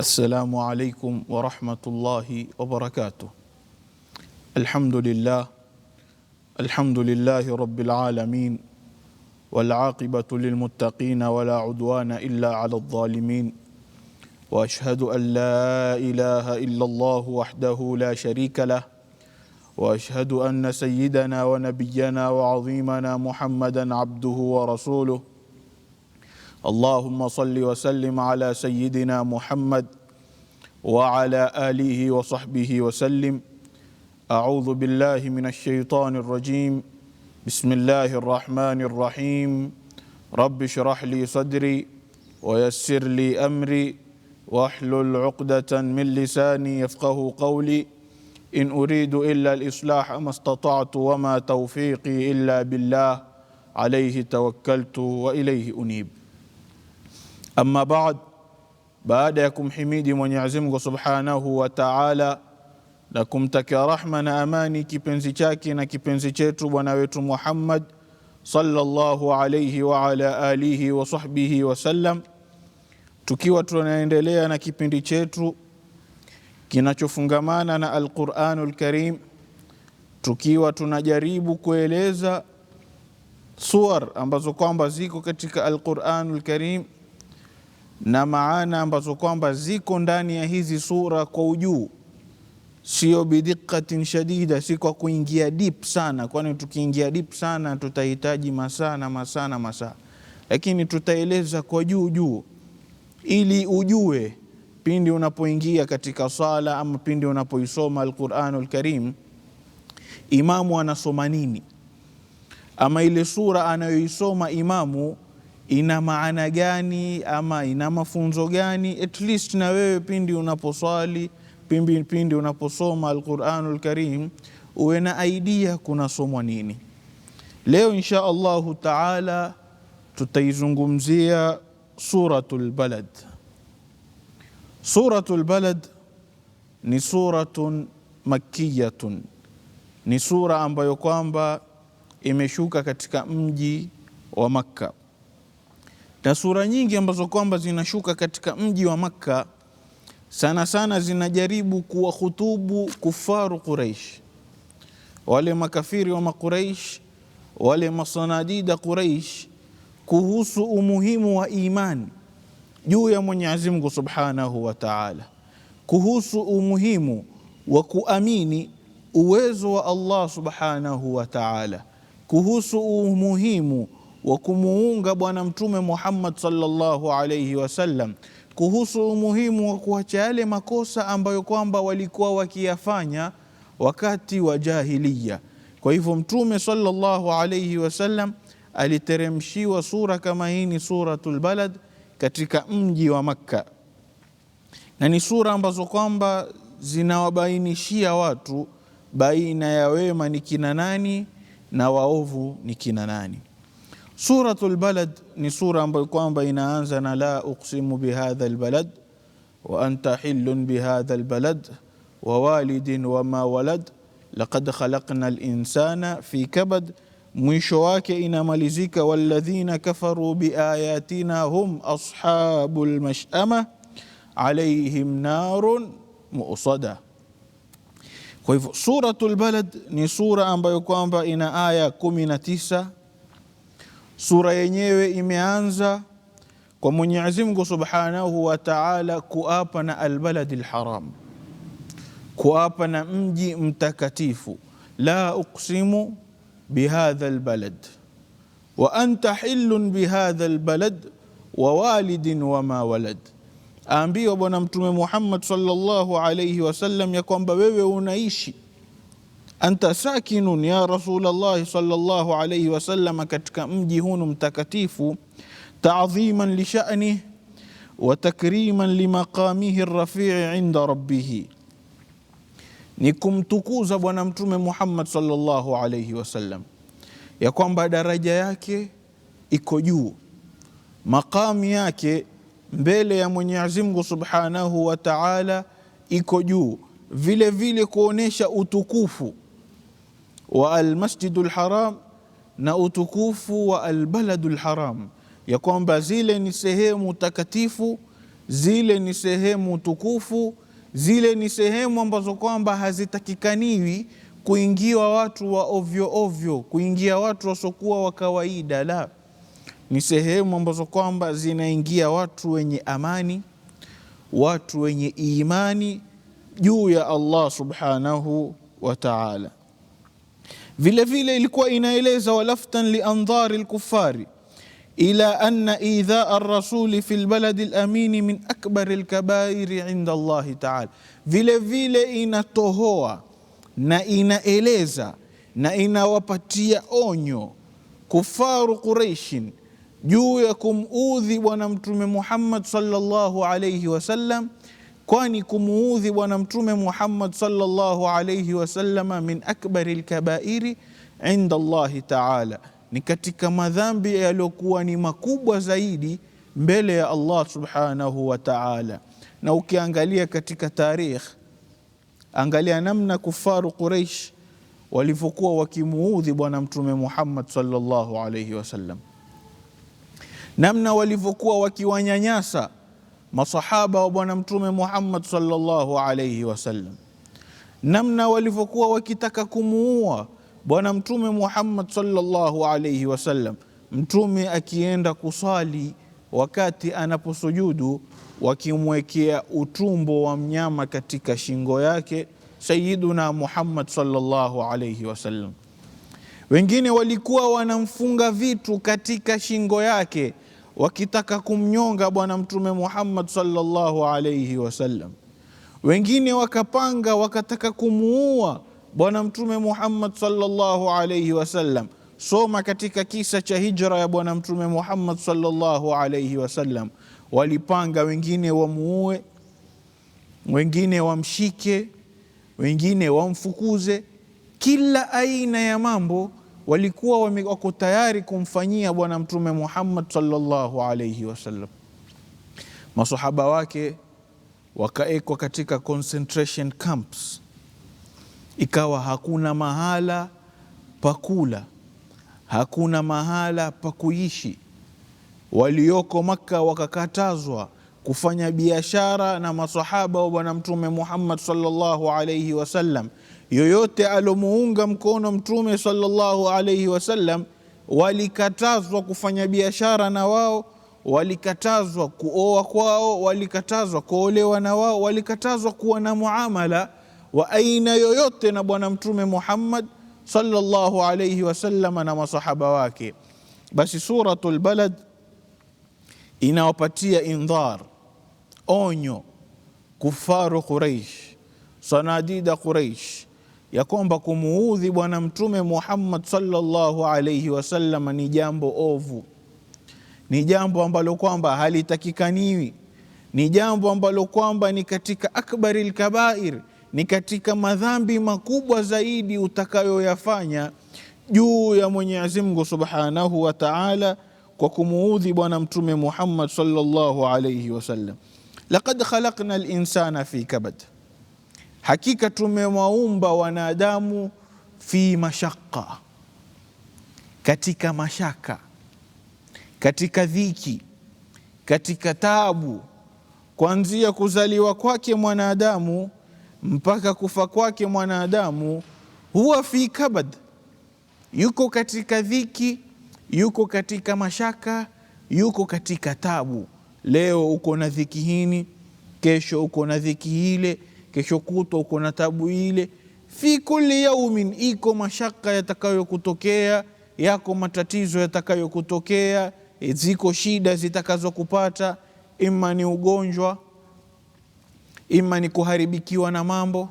السلام عليكم ورحمة الله وبركاته الحمد لله الحمد لله رب العالمين والعاقبة للمتقين ولا عدوان إلا على الظالمين وأشهد أن لا إله إلا الله وحده لا شريك له وأشهد أن سيدنا ونبينا وعظيمنا محمدا عبده ورسوله اللهم صل وسلم على سيدنا محمد وعلى آله وصحبه وسلم أعوذ بالله من الشيطان الرجيم بسم الله الرحمن الرحيم رب اشرح لي صدري ويسر لي أمري واحلل عقدة من لساني يفقه قولي إن أريد إلا الإصلاح ما استطعت وما توفيقي إلا بالله عليه توكلت وإليه أنيب أما بعد baada ya kumhimidi Mwenyezi Mungu Subhanahu wa Ta'ala na kumtakia rahma na amani kipenzi chake na kipenzi chetu bwana wetu Muhammad sallallahu alayhi wa ala alihi wa sahbihi wasallam, tukiwa tunaendelea na kipindi chetu kinachofungamana na Al-Qur'anul Karim, tukiwa tunajaribu kueleza suwar ambazo kwamba ziko katika Al-Qur'anul Karim na maana ambazo kwamba ziko ndani ya hizi sura kwa ujuu, sio bidiqatin shadida, si kwa kuingia deep sana, kwani tukiingia deep sana tutahitaji masaa na masaa na masaa, lakini tutaeleza kwa juu juu ili ujue pindi unapoingia katika sala ama pindi unapoisoma Alquranul Karim, imamu anasoma nini, ama ile sura anayoisoma imamu ina maana gani ama ina mafunzo gani? At least na wewe pindi unaposwali, pindi pindi unaposoma Alquranul Karim uwe na aidia kunasomwa nini. Leo insha Allahu taala tutaizungumzia Suratul Balad. Suratul Balad ni suratun makkiyatun, ni sura ambayo kwamba imeshuka katika mji wa Makka na sura nyingi ambazo kwamba zinashuka katika mji wa Makka sana sana zinajaribu kuwahutubu kufaru Quraish, wale makafiri wa Maquraish, wale masanadida Quraish, kuhusu umuhimu wa imani juu ya Mwenyezi Mungu Subhanahu wa Ta'ala, kuhusu umuhimu wa kuamini uwezo wa Allah Subhanahu wa Ta'ala, kuhusu umuhimu wa kumuunga Bwana Mtume Muhammad sallallahu alaihi wasallam kuhusu umuhimu wa kuacha yale makosa ambayo kwamba walikuwa wakiyafanya wakati wa jahiliya. Kwa hivyo Mtume sallallahu alaihi wasallam aliteremshiwa sura kama hii, ni Suratul Balad katika mji wa Makka, na ni sura ambazo kwamba zinawabainishia watu baina ya wema ni kina nani na waovu ni kina nani. سورة البلد نصورة بيقوان بين أنزنا لا أقسم بهذا البلد وأنت حل بهذا البلد ووالد وما ولد لقد خلقنا الإنسان في كبد مشواك إن ملزك والذين كفروا بآياتنا هم أصحاب المشأمة عليهم نار مؤصدة سورة البلد نصورة بيقوان بين آية كمنتيسة Sura yenyewe imeanza kwa Mwenyezi Mungu Subhanahu wa Ta'ala kuapa na albaladi lharam, kuapa na mji mtakatifu, la uqsimu bihadha lbalad wa anta hillun bihadha lbalad wa walidin wama walad. Aambiwa Bwana Mtume Muhammad sallallahu alayhi wasallam ya kwamba wewe unaishi anta sakinun ya Rasulallahi sallallahu alayhi wasallam, katika mji hunu mtakatifu, taadhiman lisha'nih wa takriman limaqamihi rafii inda rabbihi, ni kumtukuza Bwana Mtume Muhammad sallallahu alayhi wasallam, ya kwamba daraja yake iko juu, maqami yake mbele ya Mwenyezi Mungu subhanahu wa taala iko juu, vile vile kuonesha utukufu wa almasjidu lharam na utukufu wa albaladu lharam, ya kwamba zile ni sehemu takatifu, zile ni sehemu tukufu, zile ni sehemu ambazo kwamba hazitakikaniwi kuingiwa watu wa ovyo ovyo, kuingia watu wasokuwa wa kawaida. La, ni sehemu ambazo kwamba zinaingia watu wenye amani, watu wenye imani juu ya Allah subhanahu wa ta'ala. Vile vile ilikuwa inaeleza walaftan liandhari lkufari ila anna idhaa rasuli fi lbaladi lamini min akbari lkabairi inda Allahi taala. Vile vile inatohoa na inaeleza na inawapatia onyo kufaru Quraishin juu ya kumuudhi Bwana Mtume Muhammad sallallahu alayhi wasallam kwani kumuudhi Bwana Mtume Muhammad sallallahu alayhi wasallama min akbari lkabairi inda Allahi taala, ni katika madhambi yaliyokuwa ni makubwa zaidi mbele ya Allah subhanahu wa taala. Na ukiangalia katika tarikh, angalia namna kufaru Quraish walivyokuwa wakimuudhi Bwana Mtume Muhammad sallallahu alayhi wasallam, namna walivyokuwa wakiwanyanyasa masahaba wa Bwana Mtume Muhammad sallallahu alayhi wasallam, namna walivyokuwa wakitaka kumuua Bwana Mtume Muhammad sallallahu alaihi wasallam, Mtume akienda kusali wakati anaposujudu wakimwekea utumbo wa mnyama katika shingo yake Sayiduna Muhammad sallallahu alayhi wasallam. Wengine walikuwa wanamfunga vitu katika shingo yake wakitaka kumnyonga Bwana Mtume Muhammad sallallahu alaihi wasallam, wengine wakapanga wakataka kumuua Bwana Mtume Muhammad sallallahu alaihi wasallam. Soma katika kisa cha hijra ya Bwana Mtume Muhammad sallallahu alaihi wasallam, walipanga wengine wamuue, wengine wamshike, wengine wamfukuze, kila aina ya mambo walikuwa wako tayari kumfanyia Bwana Mtume Muhammad sallallahu alaihi wasallam. Masahaba wake wakaekwa katika concentration camps, ikawa hakuna mahala pakula, hakuna mahala pa kuishi. Walioko Makka wakakatazwa kufanya biashara na masahaba wa Bwana Mtume Muhammad sallallahu alaihi wasallam yoyote alomuunga mkono Mtume sallallahu alaihi wasallam, walikatazwa kufanya biashara na wao, walikatazwa kuoa kwao, walikatazwa kuolewa na wao, walikatazwa kuwa na muamala wa aina yoyote na Bwana Mtume Muhammad sallallahu alaihi wasallam na masahaba wake. Basi Suratul Balad inawapatia indhar, onyo kufaru Quraish, sanadida Quraish ya kwamba kumuudhi Bwana Mtume Muhammad sallallahu alaihi wasallam ni jambo ovu, ni jambo ambalo kwamba halitakikaniwi, ni jambo ambalo kwamba ni katika akbari lkabair, ni katika madhambi makubwa zaidi utakayoyafanya juu ya Mwenyezi Mungu subhanahu wa taala kwa kumuudhi Bwana Mtume Muhammad sallallahu alaihi wasallam. Laqad khalaqna linsana fi kabad hakika tumewaumba wanadamu fi mashaka, katika mashaka, katika dhiki, katika taabu, kuanzia kuzaliwa kwake mwanadamu mpaka kufa kwake mwanadamu. Huwa fi kabad, yuko katika dhiki, yuko katika mashaka, yuko katika tabu. Leo uko na dhiki hini, kesho uko na dhiki ile kesho kutwa uko na tabu ile. Fi kulli yaumin, iko mashaka yatakayokutokea, yako matatizo yatakayokutokea, e, ziko shida zitakazokupata, ima ni ugonjwa, ima ni kuharibikiwa na mambo,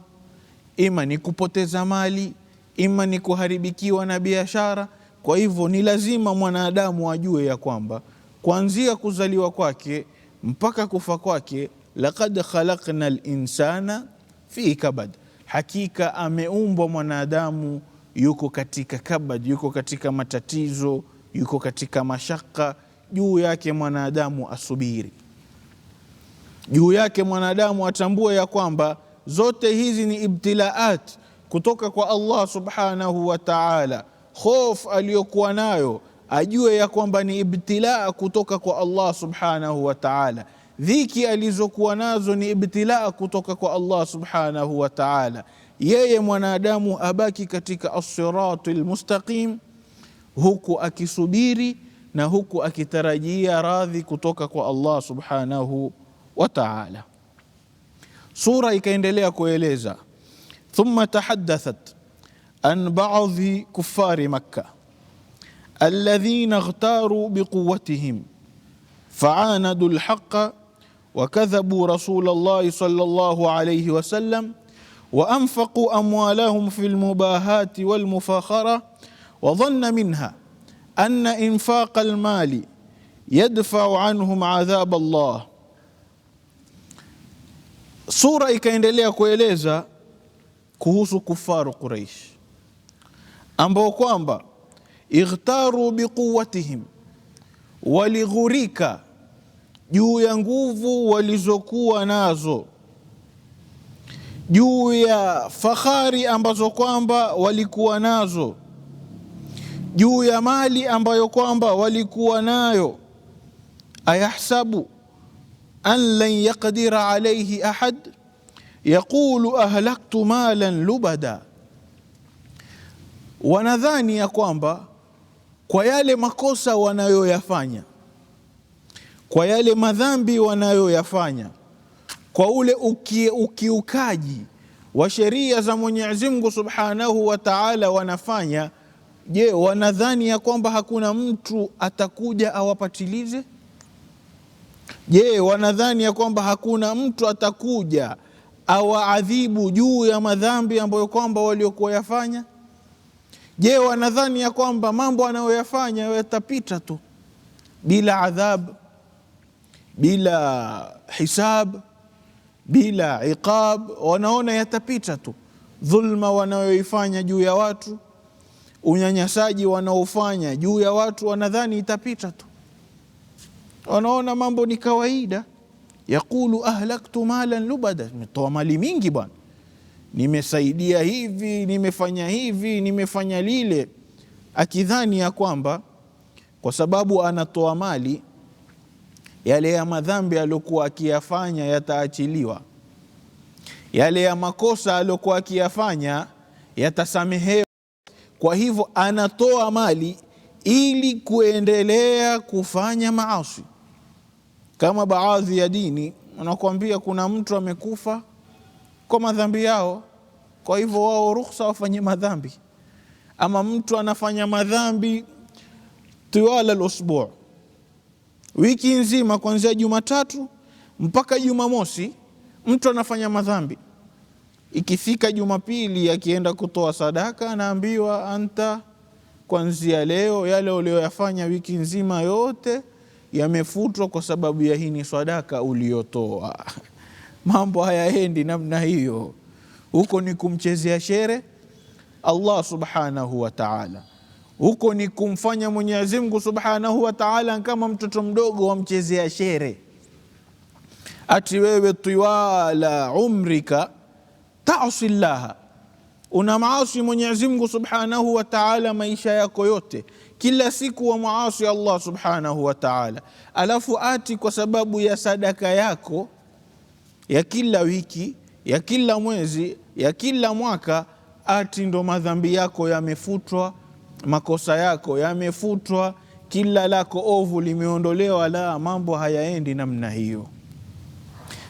ima ni kupoteza mali, ima ni kuharibikiwa na biashara. Kwa hivyo ni lazima mwanadamu ajue ya kwamba kuanzia kuzaliwa kwake mpaka kufa kwake Lakad khalaqna linsana fi kabad, hakika ameumbwa mwanadamu yuko katika kabad, yuko katika matatizo, yuko katika mashaka. Juu yake mwanadamu asubiri, juu yake mwanadamu atambue ya kwamba zote hizi ni ibtilaat kutoka kwa Allah subhanahu wa ta'ala. Hofu aliyokuwa nayo ajue ya kwamba ni ibtilaa kutoka kwa Allah subhanahu wa ta'ala dhiki alizokuwa nazo ni ibtilaa kutoka kwa Allah subhanahu wa ta'ala. Yeye mwanadamu abaki katika as lmustaqim huku akisubiri na huku akitarajia radhi kutoka kwa Allah subhanahu wa ta'ala. Sura ikaendelea kueleza thumma tahaddathat an ba'dhi kuffari Makkah alladhina ightaru biquwwatihim fa'anadu al وكذبوا رسول الله صلى الله عليه وسلم وانفقوا اموالهم في المباهات والمفاخره وظن منها ان انفاق المال يدفع عنهم عذاب الله sura ikaendelea kueleza كهوس كفار قريش أمبا kwamba ikhtaru بقوتهم ولغريكا juu ya nguvu walizokuwa nazo, juu ya fahari ambazo kwamba walikuwa nazo, juu ya mali ambayo kwamba walikuwa nayo. ayahsabu an lan yaqdira alayhi ahad yaqulu ahlaktu malan lubada, wanadhani ya kwamba kwa yale makosa wanayoyafanya kwa yale madhambi wanayoyafanya, kwa ule ukiukaji wa sheria za Mwenyezi Mungu Subhanahu wa Ta'ala wanafanya. Je, wanadhani ya kwamba hakuna mtu atakuja awapatilize? Je, wanadhani ya kwamba hakuna mtu atakuja awaadhibu juu ya madhambi ambayo kwamba waliokuwa yafanya? Je, wanadhani ya kwamba mambo anayoyafanya yatapita tu bila adhabu bila hisab, bila iqab, wanaona yatapita tu. Dhulma wanayoifanya juu ya watu, unyanyasaji wanaofanya juu ya watu, wanadhani itapita tu, wanaona mambo ni kawaida. Yaqulu ahlaktu malan lubada, nimetoa mali mingi bwana, nimesaidia hivi, nimefanya hivi, nimefanya lile, akidhani ya kwamba kwa sababu anatoa mali yale ya madhambi aliyokuwa akiyafanya yataachiliwa, yale ya makosa aliyokuwa akiyafanya yatasamehewa. Kwa hivyo anatoa mali ili kuendelea kufanya maasi. Kama baadhi ya dini wanakuambia kuna mtu amekufa kwa madhambi yao, kwa hivyo wao ruhusa wafanye madhambi, ama mtu anafanya madhambi tiwala lusbuu wiki nzima kuanzia Jumatatu mpaka Jumamosi mtu anafanya madhambi. Ikifika Jumapili akienda kutoa sadaka, anaambiwa anta, kuanzia leo yale uliyoyafanya wiki nzima yote yamefutwa kwa sababu ya hii ni sadaka uliyotoa. Mambo hayaendi namna hiyo, huko ni kumchezea shere Allah subhanahu wa ta'ala huko ni kumfanya Mwenyezi Mungu Subhanahu wa Ta'ala kama mtoto mdogo wamchezea shere, ati wewe tiwala umrika taasi llaha, una maasi Mwenyezi Mungu Subhanahu wa Ta'ala maisha yako yote, kila siku wa maasi Allah Subhanahu wa Ta'ala, alafu ati kwa sababu ya sadaka yako ya kila wiki ya kila mwezi ya kila mwaka, ati ndo madhambi yako yamefutwa makosa yako yamefutwa, kila lako ovu limeondolewa. La, mambo hayaendi namna hiyo.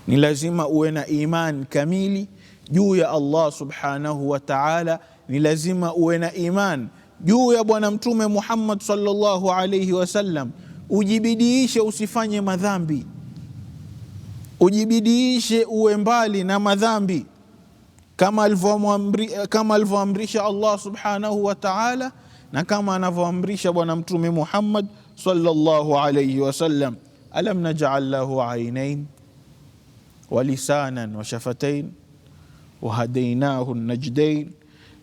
Ni lazima uwe na imani kamili juu ya Allah subhanahu wa ta'ala. Ni lazima uwe na imani juu ya Bwana Mtume Muhammad sallallahu alayhi wasallam. Ujibidiishe usifanye madhambi, ujibidiishe uwe mbali na madhambi kama alivyoamrisha Allah subhanahu wa ta'ala. na kama anavyoamrisha Bwana Mtume Muhammad sallallahu alayhi wasallam, alam naj'al lahu ainain wa lisanan wa shafatain wa hadainahu najdain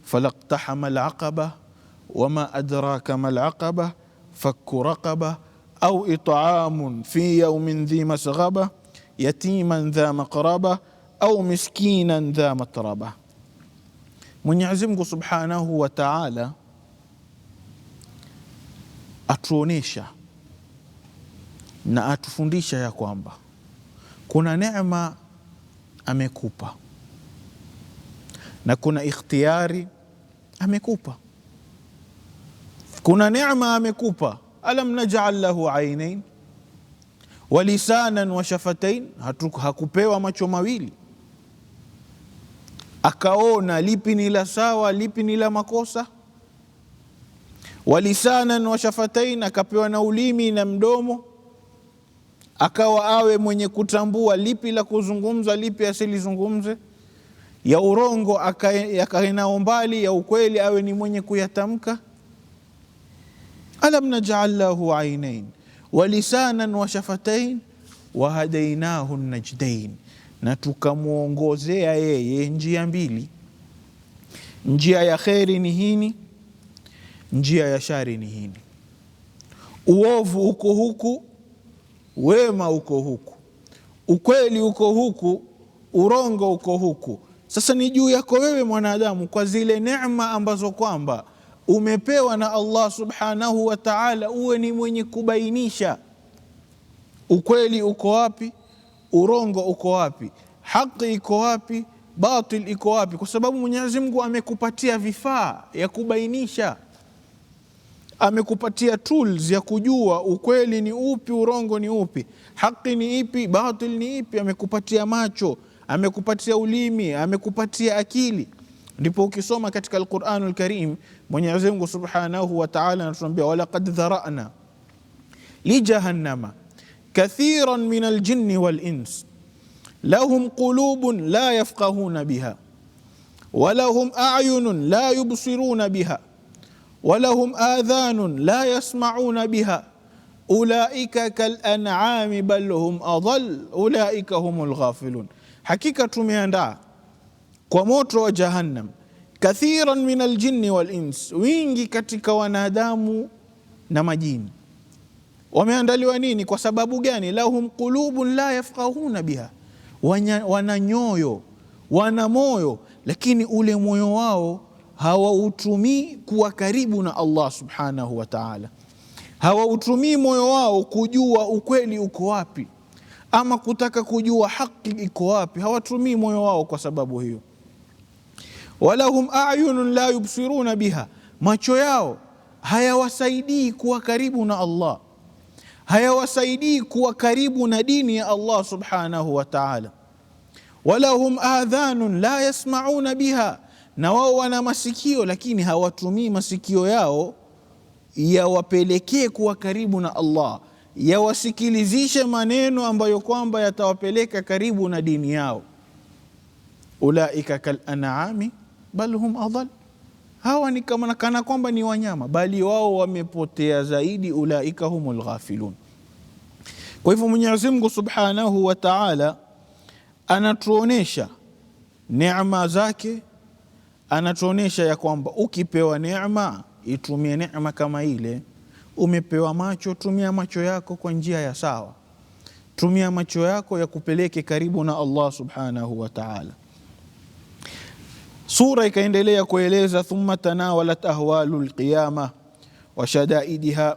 falaqtahama alaqaba wama adraka ma malaqaba fakku raqaba au it'amun fi yawmin dhi masghaba yatiman dha maqraba au miskinan dha matraba. Mwenyezi Mungu subhanahu wa ta'ala atuonesha na atufundisha ya kwamba kuna neema amekupa na kuna ikhtiari amekupa. Kuna neema amekupa, alam naj'al lahu ainain wa lisanan wa shafatain, hakupewa macho mawili akaona lipi ni la sawa, lipi ni la makosa walisanan wa shafatain, akapewa na ulimi na mdomo, akawa awe mwenye kutambua lipi la kuzungumza, lipi asilizungumze, ya urongo akae nao mbali, ya ukweli awe ni mwenye kuyatamka. Alam najal lahu ainain wa lisanan wa shafatain wa hadainahu najdain, na tukamwongozea yeye njia mbili. Njia ya kheri ni hini Njia ya shari ni hini uovu uko huku, wema uko huku, ukweli uko huku, urongo uko huku. Sasa ni juu yako wewe mwanadamu, kwa zile neema ambazo kwamba umepewa na Allah subhanahu wa ta'ala, uwe ni mwenye kubainisha ukweli uko wapi, urongo uko wapi, haki iko wapi, batil iko wapi, kwa sababu Mwenyezi Mungu amekupatia vifaa ya kubainisha amekupatia tools ya kujua ukweli ni upi, urongo ni upi, haki ni ipi, batil ni ipi. Amekupatia macho, amekupatia ulimi, amekupatia akili. Ndipo ukisoma katika Alquranul Karim, Mwenyezi Mungu Subhanahu wa Ta'ala anatuambia walaqad dharana lijahannama kathiran min aljinni walins lahum qulubun la yafqahuna biha walahum ayunun la yubsiruna biha walahum adhanun la yasmauna biha ulaika kalanami bal hum adal ulaika hum lghafilun hakika tumeandaa kwa moto wa Jahannam kathiran min aljinni wal wingi katika wanadamu na majini. Wameandaliwa nini? Kwa sababu gani? lahum qulubun la yafqahuna biha, wana nyoyo wana moyo, lakini ule moyo wao hawautumii kuwa karibu na Allah subhanahu wa taala, hawautumii moyo wao kujua ukweli uko wapi ama kutaka kujua haki iko wapi. Hawatumii moyo wao kwa sababu hiyo. Walahum ayunun la yubsiruna biha, macho yao hayawasaidii kuwa karibu na Allah, hayawasaidii kuwa karibu na dini ya Allah subhanahu wa taala. Walahum adhanun la yasmauna biha na wao wana masikio lakini hawatumii masikio yao yawapelekee kuwa karibu na Allah, yawasikilizishe maneno ambayo kwamba yatawapeleka karibu na dini yao. Ulaika kalanami bal hum adall, hawa ni kama kana kwamba ni wanyama, bali wao wamepotea zaidi. Ulaika hum lghafilun Kwa hivyo Mwenyezi Mungu Subhanahu wa Ta'ala anatuonesha neema zake anatuonyesha ya kwamba ukipewa neema itumie neema kama ile. Umepewa macho, tumia macho yako kwa njia ya sawa, tumia macho yako ya kupeleke karibu na Allah subhanahu wa ta'ala. Sura ikaendelea kueleza thumma tanawalat ahwalu lqiyama wa shadaidiha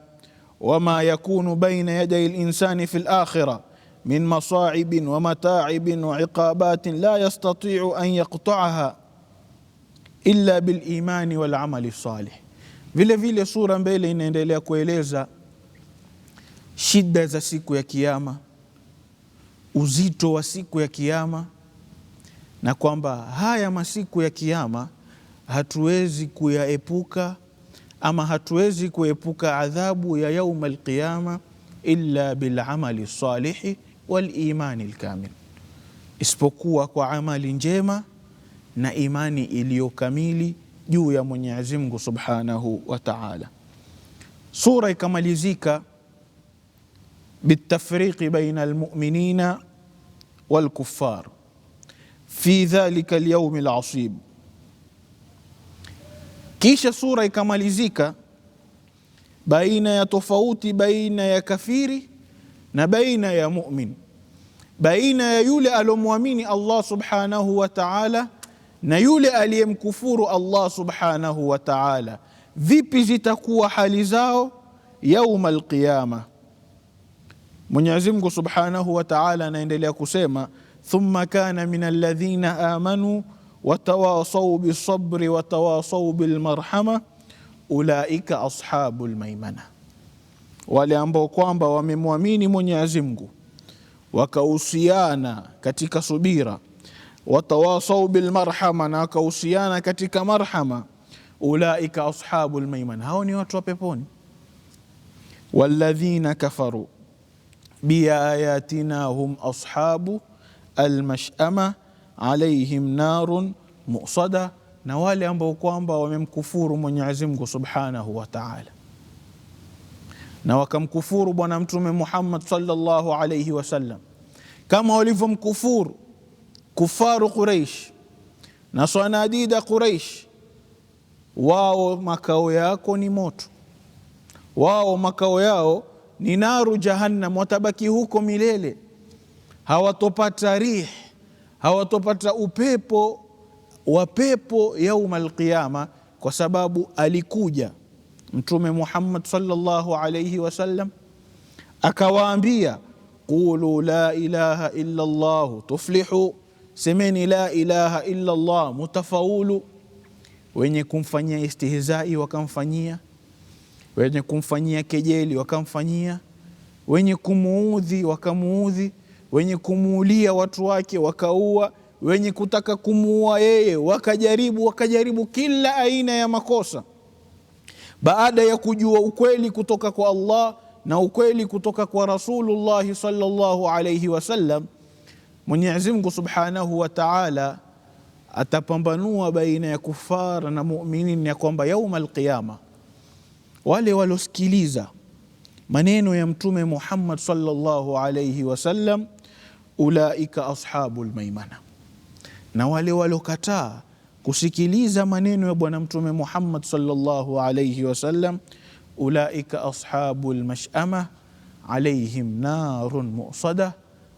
wama yakunu baina yadai linsani fi lakhira min masaibin wa mataibin wa iqabatin la yastatiu an yaqtaaha illa bilimani walamali salih. Vile vile sura mbele inaendelea kueleza shida za siku ya kiama uzito wa siku ya kiama na kwamba haya masiku ya kiama hatuwezi kuyaepuka ama hatuwezi kuepuka adhabu ya yauma alqiyama illa bilamali salihi walimani lkamil, isipokuwa kwa amali njema na imani iliyokamili juu ya Mwenyezi Mungu Subhanahu wa Ta'ala. Sura ikamalizika bitafriqi baina almu'minina walkuffar fi dhalika alyawm alasib. Kisha sura ikamalizika baina ya tofauti baina ya kafiri na baina ya mu'min, baina ya yule alomwamini Allah Subhanahu wa Ta'ala na yule aliyemkufuru Allah subhanahu wa ta'ala, vipi zitakuwa hali zao yauma alqiyama? Mwenyezi Mungu subhanahu wa ta'ala anaendelea kusema thumma kana min alladhina amanu watawasau bisabri watawasau bilmarhama ulaika ashabu lmaimana, wale ambao kwamba wamemwamini Mwenyezi Mungu wakausiana katika subira وتواصوا بالمرحمة ناكوسيانا كتك مرحمة أولئك أصحاب الميمن هوني وتوبيبوني والذين كفروا بآياتنا هم أصحاب المشأمة عليهم نار مؤصدة نوالي أم بوكوان ومن كفور من يعزمك سبحانه وتعالى نوكم كفور بنمتم محمد صلى الله عليه وسلم كما ولفهم كفور kufaru Quraish na swanadida Quraish, wao makao yako ni moto, wao makao yao ni naru Jahannam, watabaki huko milele, hawatopata rih, hawatopata upepo wa pepo yauma alqiyama, kwa sababu alikuja Mtume Muhammad sallallahu alayhi wasallam akawaambia, qulu la ilaha illa llahu tuflihu semeni la ilaha illa Allah mutafaulu. Wenye kumfanyia istihzai wakamfanyia, wenye kumfanyia kejeli wakamfanyia, wenye kumuudhi wakamuudhi, wenye kumuulia watu wake wakaua, wenye kutaka kumuua yeye wakajaribu, wakajaribu kila aina ya makosa. Baada ya kujua ukweli kutoka kwa Allah na ukweli kutoka kwa Rasulullahi sallallahu alayhi wasallam Mwenyezi Mungu Subhanahu wa Ta'ala atapambanua baina ya kufara na muminin ya kwamba yauma alqiyama, wale waliosikiliza maneno ya Mtume Muhammad sallallahu alayhi wasallam, ulaika ashabu lmaimana na wale waliokataa kusikiliza maneno ya Bwana Mtume Muhammad sallallahu alayhi wasallam, ulaika ashabu mash'ama alayhim narun musada